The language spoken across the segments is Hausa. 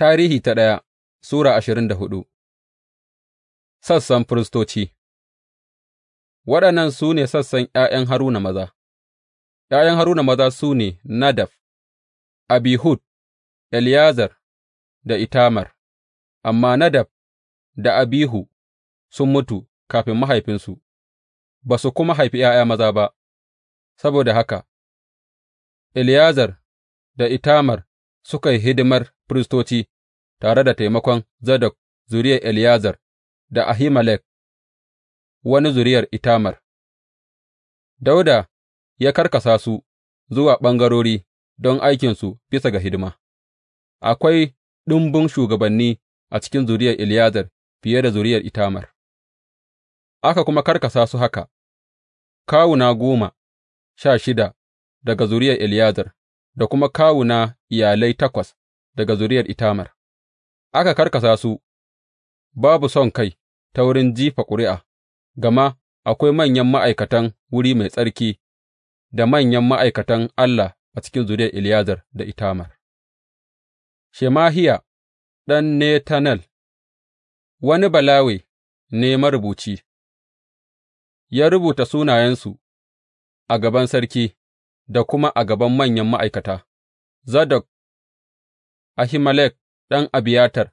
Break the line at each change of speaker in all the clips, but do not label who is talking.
Tarihi ta ɗaya Sura ashirin da hudu Sassan firistoci Waɗannan su ne sassan ’ya'yan Haruna maza, ’ya'yan Haruna maza su ne Nadab, Abihud, Eliyazar da Itamar, amma Nadab da Abihu sun mutu kafin mahaifinsu, ba su kuma haifi ’ya'ya maza ba, saboda haka Eliyazar da Itamar suka yi hidimar firistoci tare da taimakon Zadok zuriyar Eleyazar da Ahimelek wani zuriyar Itamar. Dauda ya karkasa su zuwa ɓangarori don aikinsu bisa ga hidima, akwai ɗumbun shugabanni a cikin zuriyar Eleyazar fiye da zuriyar Itamar, aka kuma karkasa su haka, kawuna goma sha shida daga zuriyar Eleyazar. da kuma kawuna iyalai takwas daga zuriyar Itamar, aka karkasa su babu son kai ta wurin jifa ƙuri'a, gama akwai manyan ma'aikatan wuri mai tsarki da manyan ma'aikatan Allah a cikin zuriyar Eleyazar da Itamar. Shemahiya ɗan Netanel, wani Balawe ne marubuci, ya rubuta sunayensu a gaban sarki da kuma a gaban manyan ma'aikata, Zadok, Ahimelek ɗan Abiyatar,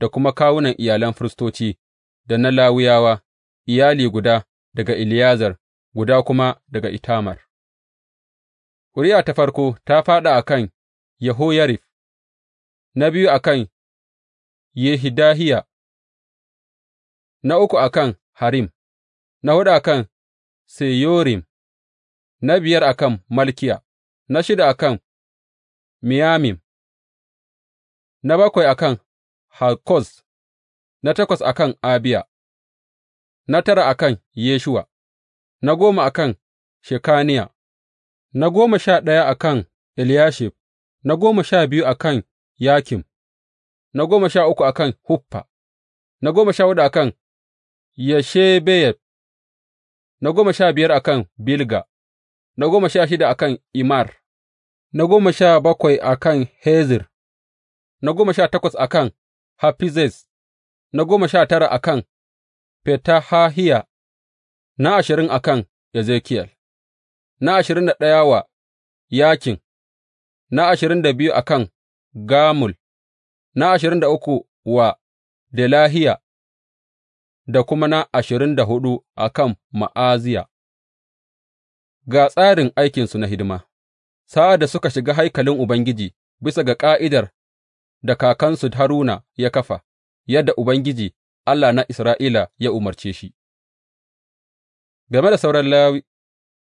da kuma kawunan iyalan firistoci, da na Lawiyawa, iyali guda daga Eleyazar, guda kuma daga Itamar. Ƙuri'a ta farko ta fāɗa a kan Yehoyarif, na biyu a kan Yehidahiya, na uku a kan Harim, na huɗu a kan Seyorim, na biyar a kan Malkiya, na shida a kan Miyamim, na bakwai a kan Hakkoz, na takwas a kan Abiya, na tara a kan Yeshuwa, na goma a kan Shekaniya, na goma sha ɗaya a kan Eliyashib, na goma sha biyu a kan Yakim, na goma sha uku a kan Huffa, na goma sha huɗu a kan Yashebeyab, na goma sha biyar a kan Bilga. na goma sha shida a kan Imar. na goma sha bakwai a kan Hezir, na goma sha takwas a kan Hafizes, na goma sha tara a kan Fetahahiya, na ashirin a kan Ezekiel. na ashirin da ɗaya wa Yakin, na ashirin da biyu a kan Gamul, na ashirin da uku wa Delahiya, da kuma na ashirin da hudu a kan Ma'aziya. Ga tsarin aikinsu na hidima, sa'ad da suka shiga haikalin Ubangiji bisa ga ƙa'idar da kakansu Haruna ya kafa, yadda Ubangiji, Allah na Isra'ila ya umarce shi. Game da sauran Lawi,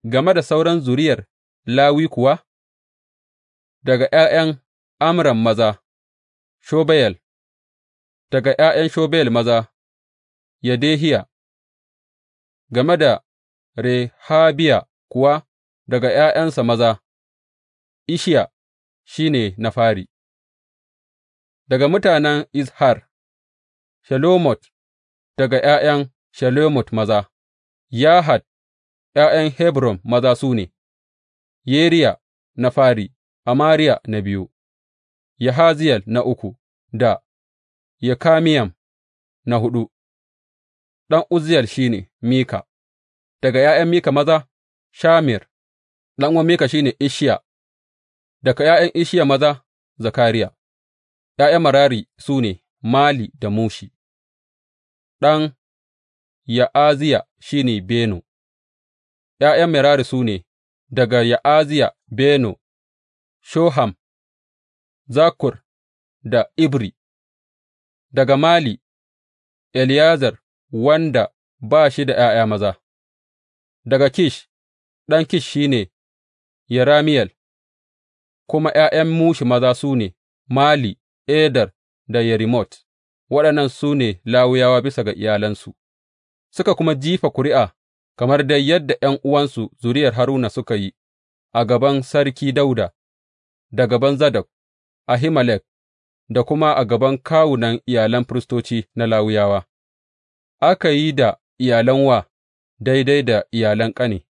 game da sauran zuriyar Lawi kuwa, daga ’ya'yan Amram maza, Shobayel, daga ’ya'yan Shobayel maza, Yedehiya, game da Rehabiya kuwa daga ’ya'yansa maza, Ishiya shi ne na fari, daga mutanen Izhar, shalomot daga ’ya'yan shalomot maza, yahad ’ya'yan Hebron maza su ne, Yeriya na fari, Amariya na biyu, Yahaziyel na uku da Yekameyam na huɗu, ɗan Uzziyel shi ne Mika, daga ’ya'yan Mika maza. Shamir Ɗan Mika shi ne Isshiya, daga ’ya'yan Isshiya maza, Zakariya ’Ya'yan Merari su ne, Mali da Mushi Ɗan Ya'aziya shi ne Beno ’Ya'yan Merari su ne, daga Ya'aziya, Beno, Shoham, Zakur, da Ibri Daga Mali, eliyazar wanda ba shi da ’ya'ya maza Daga Kish. Ɗan Kish shi ne Yerameyel, kuma ’ya'yan Mushi maza su ne, Mali, Eder da Yerimot, waɗannan su ne Lawiyawa bisa ga iyalansu, suka kuma jifa ƙuri'a kamar dai yadda ’yan'uwansu zuriyar Haruna suka yi a gaban Sarki Dauda, da gaban Zadok, Ahimelek, da kuma a gaban kawunan iyalan firistoci na Lawiyawa, aka yi da iyalan wa daidai da iyalan ƙane.